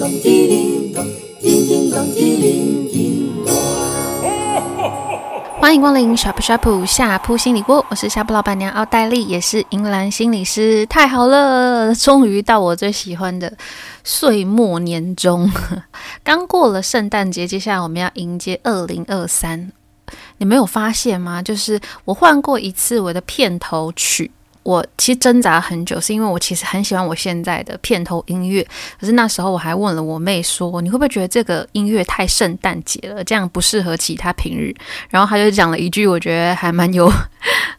歡迎光臨沙普沙 p 下鋪心理屋，我是下鋪老闆娘奧黛麗，也是銀蘭心理師。太好了，終於到我最喜歡的歲末年終，剛過了聖誕節，接下來我們要迎接二零二三。你沒有發現嗎？就是我換過一次我的片頭曲。我其實掙扎很久，是因為我其實很喜歡我現在的片頭音樂。可是那時候我還問了我妹說：“你會不會覺得這個音樂太聖誕節了，這樣不適合其他平日？”然後她就講了一句我覺得還蠻有、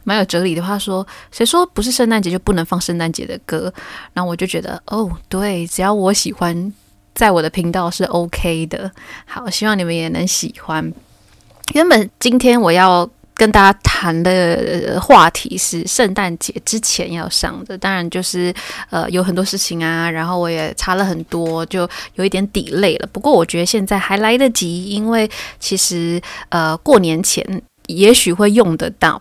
蠻有哲理的話，說：“誰說不是聖誕節就不能放聖誕節的歌？”然後我就覺得哦，對，只要我喜歡，在我的頻道是 OK 的。好，希望你們也能喜歡。原本今天我要。跟大家談的話題是聖誕節之前要上的，當然就是呃有很多事情啊，然後我也查了很多，就有一點 delay 了。不過我覺得現在還來得及，因為其實呃過年前也許會用得到。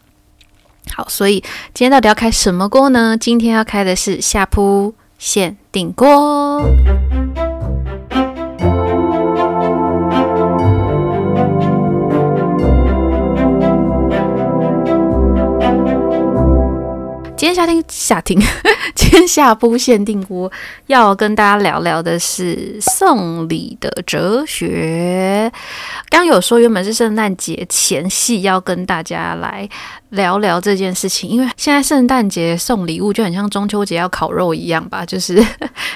好，所以今天到底要開什麼鍋呢？今天要開的是夏噗限定鍋。今天夏噗夏噗，今天夏噗限定鍋要跟大家聊聊的是送禮的哲學。剛有說原本是聖誕節前夕要跟大家來聊聊這件事情，因為現在聖誕節送禮物就很像中秋節要烤肉一樣吧，就是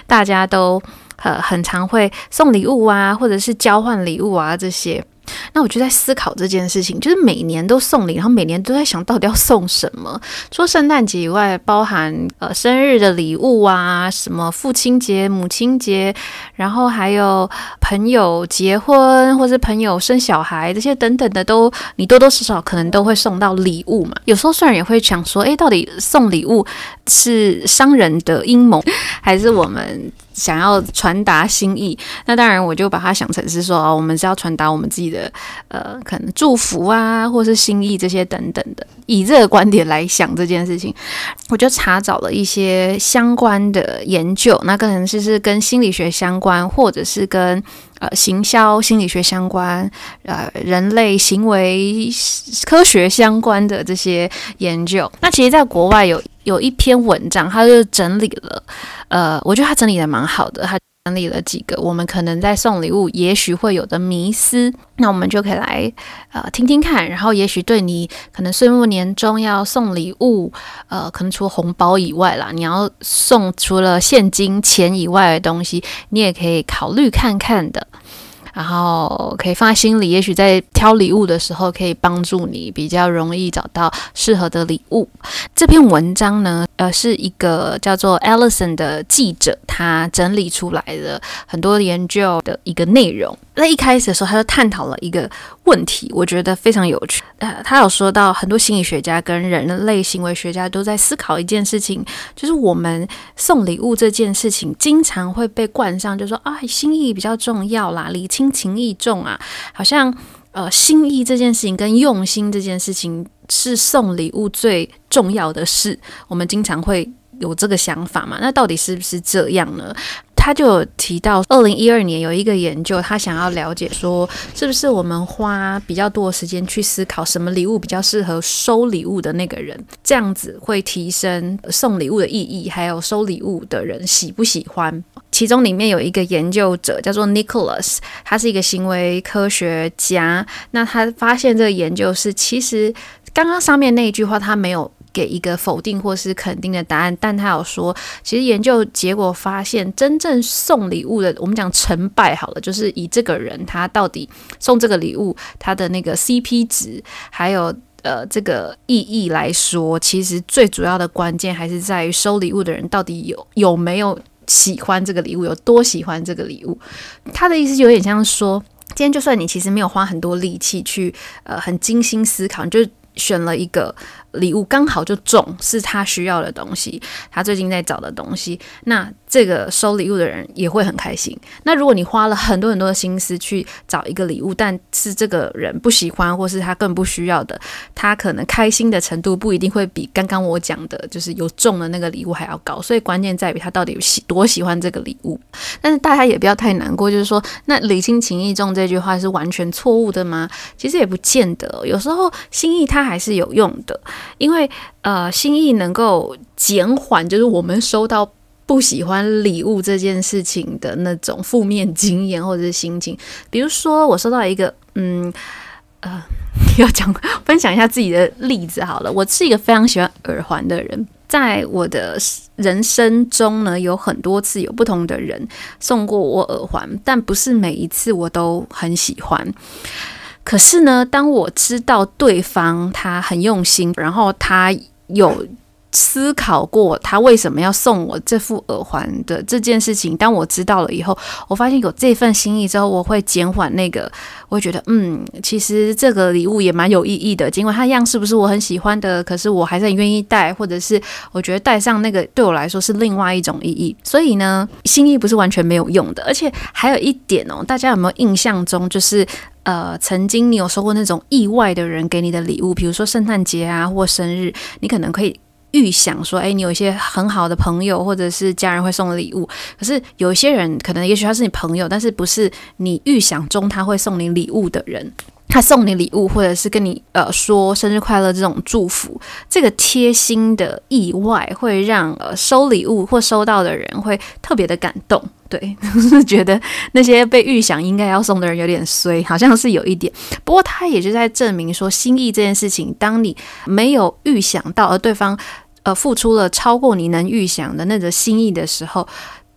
大家都呃很常會送禮物啊，或者是交換禮物啊這些。那我就在思考這件事情，就是每年都送禮，然後每年都在想到底要送什麼。除了聖誕節以外，包含呃生日的禮物啊，什麼父親節、母親節，然後還有朋友結婚或者是朋友生小孩這些等等的都，都你多多少少可能都會送到禮物嘛。有時候雖然也會想說，哎，到底送禮物是商人的陰謀，還是我們想要傳達心意？那當然，我就把它想成是說，哦，我們是要傳達我們自己的。呃，可能祝福啊，或是心意這些等等的，以這個觀點來想這件事情，我就查找了一些相關的研究，那可能是是跟心理學相關，或者是跟呃行銷心理學相關，呃人類行為科學相關的這些研究。那其實，在國外有有一篇文章，他就整理了，呃，我覺得他整理得蠻好的，他。整理了幾個我們可能在送禮物，也許會有的迷思，那我們就可以來呃聽聽看，然後也許對你可能歲末年終要送禮物，呃，可能除了紅包以外啦，你要送除了現金錢以外的東西，你也可以考慮看看的。然後可以放在心裡，也許在挑禮物的時候，可以幫助你比較容易找到適合的禮物。這篇文章呢，呃，是一個叫做 Allison 的記者，他整理出來的很多研究的一個內容。那一開始的時候，他就探討了一個問題，我覺得非常有趣。呃，他有說到很多心理學家跟人類行為學家都在思考一件事情，就是我們送禮物這件事情，經常會被冠上，就說啊，心意比較重要啦，禮輕。情意重啊，好像呃，心意這件事情跟用心這件事情是送禮物最重要的事，我們經常會有這個想法嘛？那到底是不是這樣呢？他就有提到，二零一二年，有一個研究，他想要了解說，是不是我們花比較多的時間去思考什麼禮物比較適合收禮物的那個人，這樣子會提升送禮物的意義，還有收禮物的人喜不喜歡？其中裡面有一個研究者叫做 Nicholas，他是一個行為科學家，那他發現這個研究是，其實剛剛上面那一句話他沒有。給一個否定或是肯定的答案，但他有說，其實研究結果發現，真正送禮物的，我們講成敗好了，就是以這個人他到底送這個禮物，他的那個 CP 值，還有呃這個意義來說，其實最主要的關鍵還是在於收禮物的人到底有有沒有喜歡這個禮物，有多喜歡這個禮物。他的意思有點像說，今天就算你其實沒有花很多力氣去呃很精心思考，就選了一個禮物，剛好就中，是他需要的東西，他最近在找的東西。那。這個收禮物的人也會很開心。那如果你花了很多很多的心思去找一個禮物，但是這個人不喜歡，或是他更不需要的，他可能開心的程度不一定會比剛剛我講的，就是有中了那個禮物還要高。所以關鍵在於他到底有喜多喜歡這個禮物。但是大家也不要太難過，就是說，那禮輕情意重這句話是完全錯誤的嗎？其實也不見得，有時候心意它還是有用的，因為呃，心意能夠減緩，就是我們收到。不喜歡禮物這件事情的那種負面經驗或者是心情，比如說我收到一個，嗯，呃，要講分享一下自己的例子好了。我是一個非常喜歡耳環的人，在我的人生中呢，有很多次有不同的人送過我耳環，但不是每一次我都很喜歡。可是呢，當我知道對方他很用心，然後他有。思考過他為什麼要送我這副耳環的這件事情。當我知道了以後，我發現有這份心意之後，我會減緩那個，我會覺得，嗯，其實這個禮物也蠻有意義的，儘管它樣式不是我很喜歡的，可是我還是很願意戴，或者是我覺得戴上那個對我來說是另外一種意義。所以呢，心意不是完全沒有用的。而且還有一點哦，大家有沒有印象中，就是呃，曾經你有收過那種意外的人給你的禮物，比如說聖誕節啊或生日，你可能可以。預想說，哎，你有一些很好的朋友或者是家人會送禮物，可是有一些人可能，也許他是你朋友，但是不是你預想中他會送你禮物的人，他送你禮物或者是跟你呃說生日快樂這種祝福，這個貼心的意外會讓呃收禮物或收到的人會特別的感動，對，就是 覺得那些被預想應該要送的人有點衰，好像是有一點，不過他也就是在證明說心意這件事情，當你沒有預想到而對方。呃，付出了超過你能預想的那個心意的時候，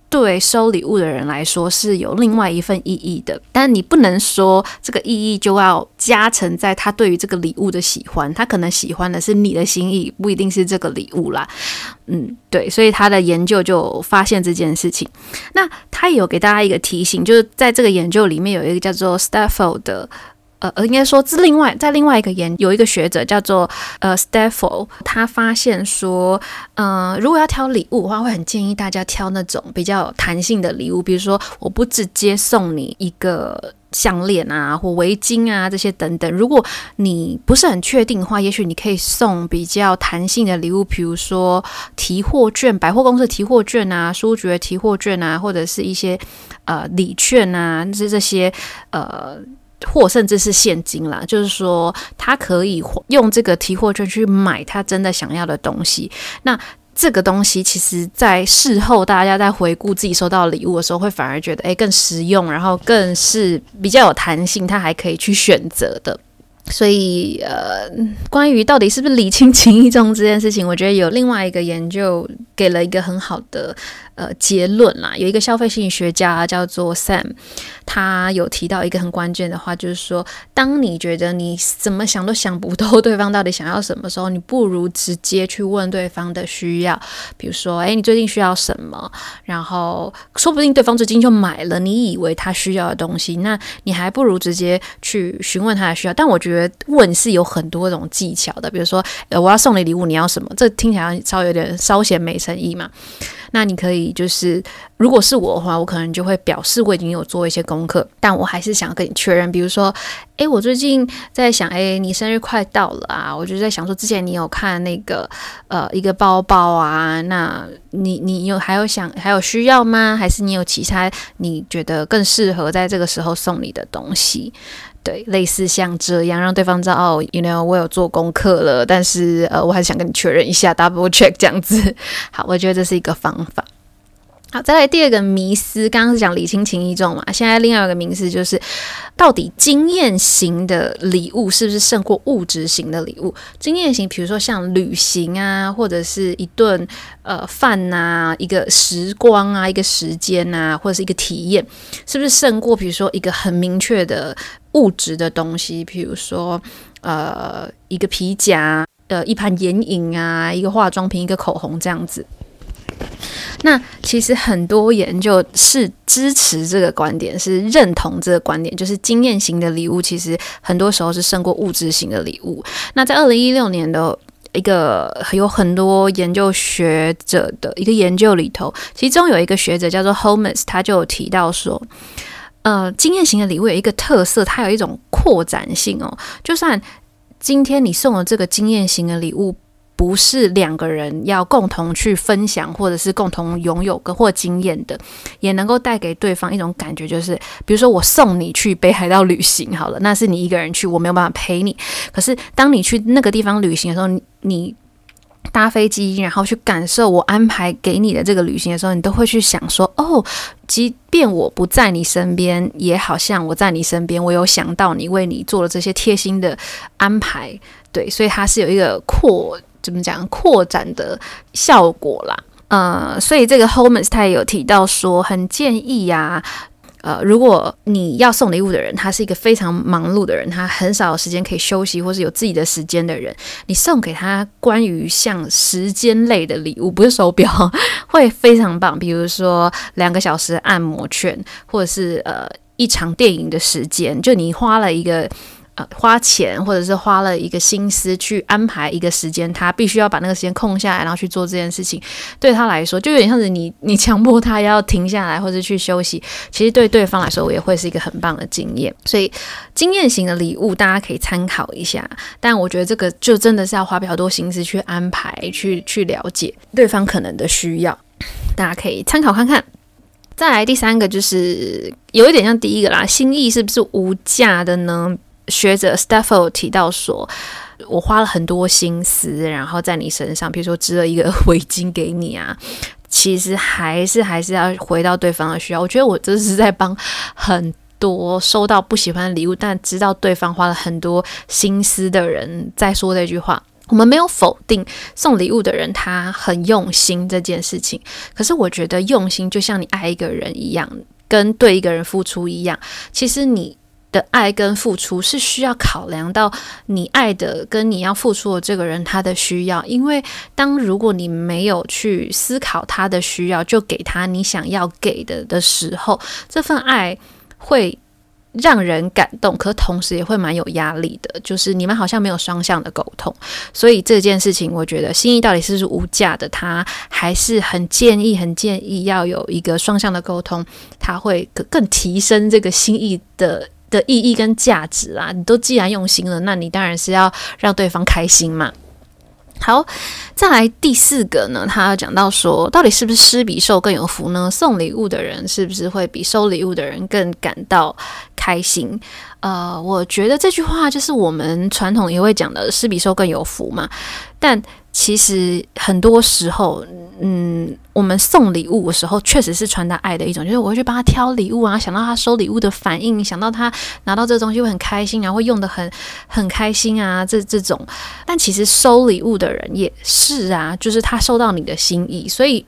對收禮物的人來說是有另外一份意義的。但你不能說這個意義就要加成在他對於這個禮物的喜歡，他可能喜歡的是你的心意，不一定是這個禮物啦。嗯，對，所以他的研究就發現這件事情。那他也有給大家一個提醒，就是在這個研究裡面有一個叫做 Stafford 的。呃，應該說，這另外在另外一個研究有一個學者叫做呃 Stefan 他發現說，嗯、呃，如果要挑禮物的話，我會很建議大家挑那種比較彈性的禮物，比如說，我不直接送你一個項鏈啊或圍巾啊這些等等。如果你不是很確定的話，也許你可以送比較彈性的禮物，比如說提貨券、百貨公司提貨券啊、書局提貨券啊，或者是一些呃禮券啊，就是這些呃。或甚至是現金啦，就是說，他可以用這個提貨券去買他真的想要的東西。那這個東西，其實在事後大家在回顧自己收到禮物的時候，會反而覺得誒更實用，然後更是比較有彈性，他還可以去選擇的。所以，呃，關於到底是不是禮輕情意重這件事情，我覺得有另外一個研究給了一個很好的。呃，結論啦，有一個消費心理學家、啊、叫做 Sam，他有提到一個很關鍵的話，就是說，當你覺得你怎麼想都想不透對方到底想要什麼時候，你不如直接去問對方的需要。比如說，哎，你最近需要什麼？然後說不定對方最近就買了你以為他需要的東西，那你還不如直接去詢問他的需要。但我覺得問是有很多種技巧的，比如說，呃、我要送你禮物，你要什麼？這聽起來稍微有點稍顯沒誠意嘛。那你可以就是，如果是我的話，我可能就會表示我已經有做一些功課，但我還是想要跟你確認。比如說，哎，我最近在想，哎，你生日快到了啊，我就在想說，之前你有看那個呃一個包包啊，那你你有還有想還有需要嗎？還是你有其他你覺得更適合在這個時候送你的東西？對，類似像這樣讓對方知道哦，you know，我有做功課了，但是呃，我還是想跟你確認一下，double check 這樣子。好，我覺得這是一個方法。好，再來第二個迷思，剛剛是講禮輕情意重嘛，現在另外一個迷思就是，到底經驗型的禮物是不是勝過物質型的禮物？經驗型，比如說像旅行啊，或者是一頓呃飯吶、啊，一個時光啊，一個時間吶、啊，或者是一個體驗，是不是勝過比如說一個很明確的物質的東西，比如說呃一個皮夾，呃一盤眼影啊，一個化妝品，一個口紅這樣子？那其實很多研究是支持這個觀點，是認同這個觀點，就是經驗型的禮物其實很多時候是勝過物質型的禮物。那在二零一六年的一個有很多研究學者的一個研究裡頭，其中有一個學者叫做 Holmes，他就提到說，呃，經驗型的禮物有一個特色，它有一種擴展性哦，就算今天你送了這個經驗型的禮物。不是兩個人要共同去分享，或者是共同擁有個或經驗的，也能夠帶給對方一種感覺，就是比如說我送你去北海道旅行，好了，那是你一個人去，我沒有辦法陪你。可是當你去那個地方旅行的時候你、你搭飛機，然後去感受我安排給你的這個旅行的時候，你都會去想說，哦，即便我不在你身邊，也好像我在你身邊，我有想到你，為你做了這些貼心的安排。對，所以它是有一個擴。怎麼講擴展的效果啦？呃，所以這個 Holmes 他也有提到說，很建議呀，啊，呃，如果你要送禮物的人，他是一個非常忙碌的人，他很少有時間可以休息或是有自己的時間的人，你送給他關於像時間類的禮物，不是手錶，會非常棒。比如說，兩個小時按摩券，或者是呃一場電影的時間，就你花了一個。呃，花錢或者是花了一個心思去安排一個時間，他必須要把那個時間空下來，然後去做這件事情，對他來說就有點像是你你強迫他要停下來或者去休息，其實對對方來說我也會是一個很棒的經驗，所以經驗型的禮物大家可以參考一下，但我覺得這個就真的是要花比較多心思去安排，去去了解對方可能的需要，大家可以參考看看。再來第三個就是有一點像第一個啦，心意是不是無價的呢？學者 Steffel 提到說：“我花了很多心思，然後在你身上，比如說織了一個圍巾給你啊，其實還是還是要回到對方的需要。我覺得我這是在幫很多收到不喜歡的禮物，但知道對方花了很多心思的人在說這句話。我們沒有否定送禮物的人他很用心這件事情，可是我覺得用心就像你愛一個人一樣，跟對一個人付出一樣。其實你。”的愛跟付出是需要考量到你愛的跟你要付出的這個人他的需要，因為當如果你沒有去思考他的需要，就給他你想要給的的時候，這份愛會讓人感動，可同時也會蠻有壓力的。就是你們好像沒有雙向的溝通，所以這件事情我覺得心意到底是不是無價的，他還是很建議、很建議要有一個雙向的溝通，他會更提升這個心意的的意義跟價值啊，你都既然用心了，那你當然是要讓對方開心嘛。好，再來第四個呢，他要講到說，到底是不是施比受更有福呢？送禮物的人是不是會比收禮物的人更感到開心？呃，我覺得這句話就是我們傳統也會講的，施比受更有福嘛。但其實很多時候，嗯，我們送禮物的時候，確實是傳達愛的一種，就是我會去幫他挑禮物啊，想到他收禮物的反應，想到他拿到這個東西會很開心，然後會用得很很開心啊，這這種。但其實收禮物的人也是啊，就是他收到你的心意，所以，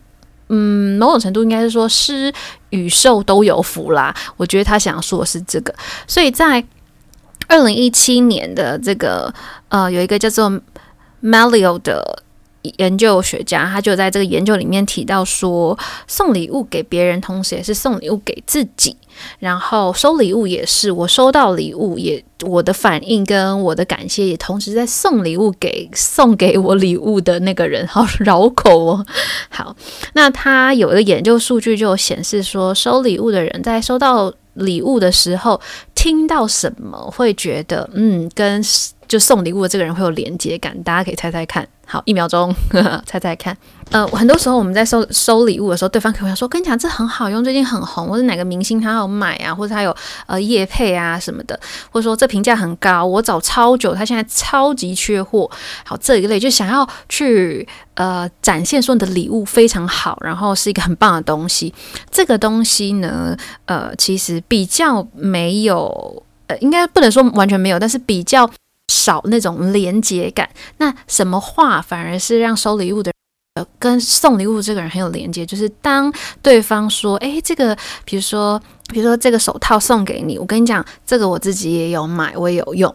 嗯，某種程度應該是說，施與受都有福啦。我覺得他想說的是這個。所以在二零一七年的這個，呃，有一個叫做。Melio 的研究學家，他就在這個研究裡面提到說，送禮物給別人同時也是送禮物給自己，然後收禮物也是，我收到禮物也我的反應跟我的感謝也同時在送禮物給送給我禮物的那個人，好繞口哦。好，那他有一個研究數據就顯示說，收禮物的人在收到禮物的時候聽到什麼會覺得嗯跟。就送禮物的這個人會有連接感，大家可以猜猜看。好，一秒鐘呵呵猜猜看。呃，很多時候我們在收收禮物的時候，對方可能說：“跟你講，這很好用，最近很紅，或者哪個明星他有買啊，或者他有呃業配啊什麼的，或者說這評價很高，我找超久，他現在超級缺貨。”好，這一類就想要去呃展現說你的禮物非常好，然後是一個很棒的東西。這個東西呢，呃，其實比較沒有，呃，應該不能說完全沒有，但是比較。少那種連接感，那什麼話反而是讓收禮物的人跟送禮物這個人很有連接，就是當對方說：“誒，這個，比如說，比如說這個手套送給你，我跟你講，這個我自己也有買，我也有用。”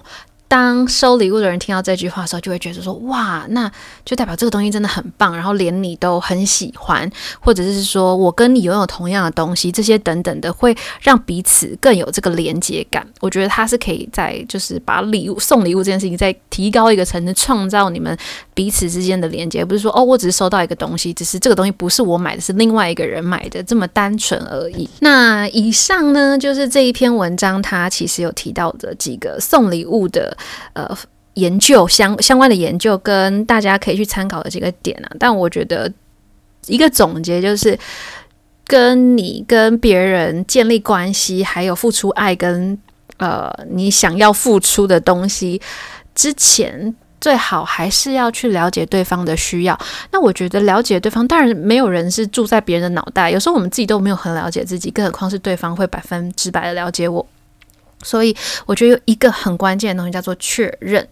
當收禮物的人聽到這句話的時候，就會覺得說：哇，那就代表這個東西真的很棒，然後連你都很喜歡，或者是說我跟你擁有同樣的東西，這些等等的，會讓彼此更有這個連接感。我覺得它是可以再就是把禮物送禮物這件事情再提高一個層次，創造你們彼此之間的連接，不是說哦，我只是收到一個東西，只是這個東西不是我買的，是另外一個人買的，這麼單純而已。那以上呢，就是這一篇文章它其實有提到的幾個送禮物的。呃，研究相相關的研究跟大家可以去參考的幾個點啊，但我覺得一個總結就是，跟你跟別人建立關係，還有付出愛跟呃你想要付出的東西之前，最好還是要去了解對方的需要。那我覺得了解對方，當然沒有人是住在別人的腦袋，有時候我們自己都沒有很了解自己，更何況是對方會百分之百的了解我？所以我覺得有一個很關鍵的東西叫做確認，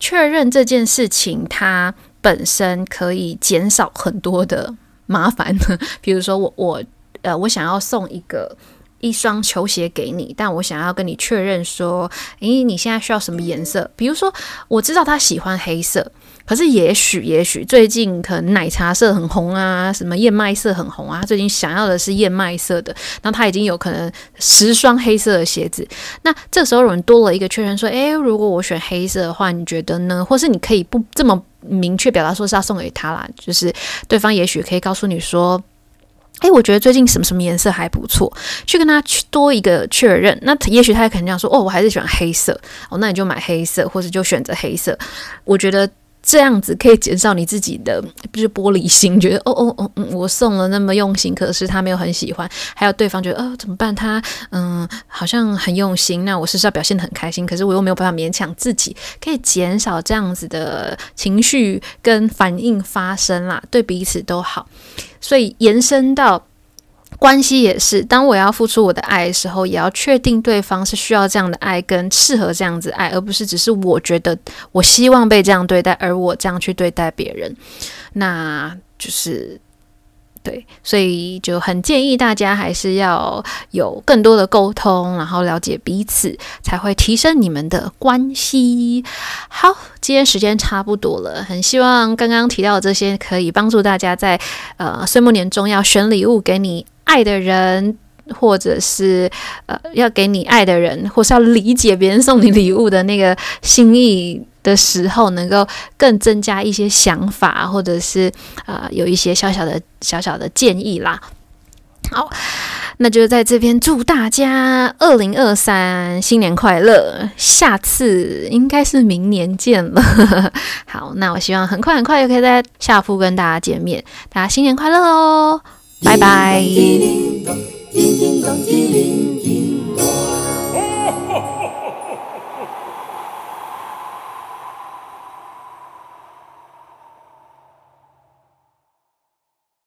確認這件事情它本身可以減少很多的麻煩呢。比如說我我呃我想要送一個一雙球鞋給你，但我想要跟你確認說，哎，你現在需要什麼顏色？比如說我知道他喜歡黑色。可是也許也許最近可能奶茶色很紅啊，什麼燕麥色很紅啊。他最近想要的是燕麥色的，那他已經有可能十雙黑色的鞋子。那這時候有人多了一個確認說：“哎，如果我選黑色的話，你覺得呢？”或是你可以不這麼明確表達說是要送給他啦，就是對方也許可以告訴你說：“哎，我覺得最近什麼什麼顏色還不錯。”去跟他去多一個確認。那也許他也肯定想說：“哦，我還是喜歡黑色哦，那你就買黑色，或者就選擇黑色。”我覺得。這樣子可以減少你自己的不是玻璃心，覺得哦哦哦嗯，我送了那麼用心，可是他沒有很喜歡。還有對方覺得呃、哦、怎麼辦？他嗯好像很用心，那我是不是要表現得很開心？可是我又沒有辦法勉強自己，可以減少這樣子的情緒跟反應發生啦，對彼此都好。所以延伸到。關係也是，當我要付出我的愛的時候，也要確定對方是需要這樣的愛，跟適合這樣子愛，而不是只是我覺得，我希望被這樣對待，而我這樣去對待別人，那就是對，所以就很建議大家還是要有更多的溝通，然後了解彼此，才會提升你們的關係。好，今天時間差不多了，很希望剛剛提到的這些可以幫助大家在呃歲末年終要選禮物給你。愛的人，或者是呃，要給你愛的人，或是要理解別人送你禮物的那個心意的時候，能夠更增加一些想法，或者是啊、呃，有一些小小的小小的建議啦。好，那就在這邊祝大家二零二三新年快樂！下次應該是明年見了。 好，那我希望很快很快就可以在夏噗跟大家見面。大家新年快樂哦！拜拜。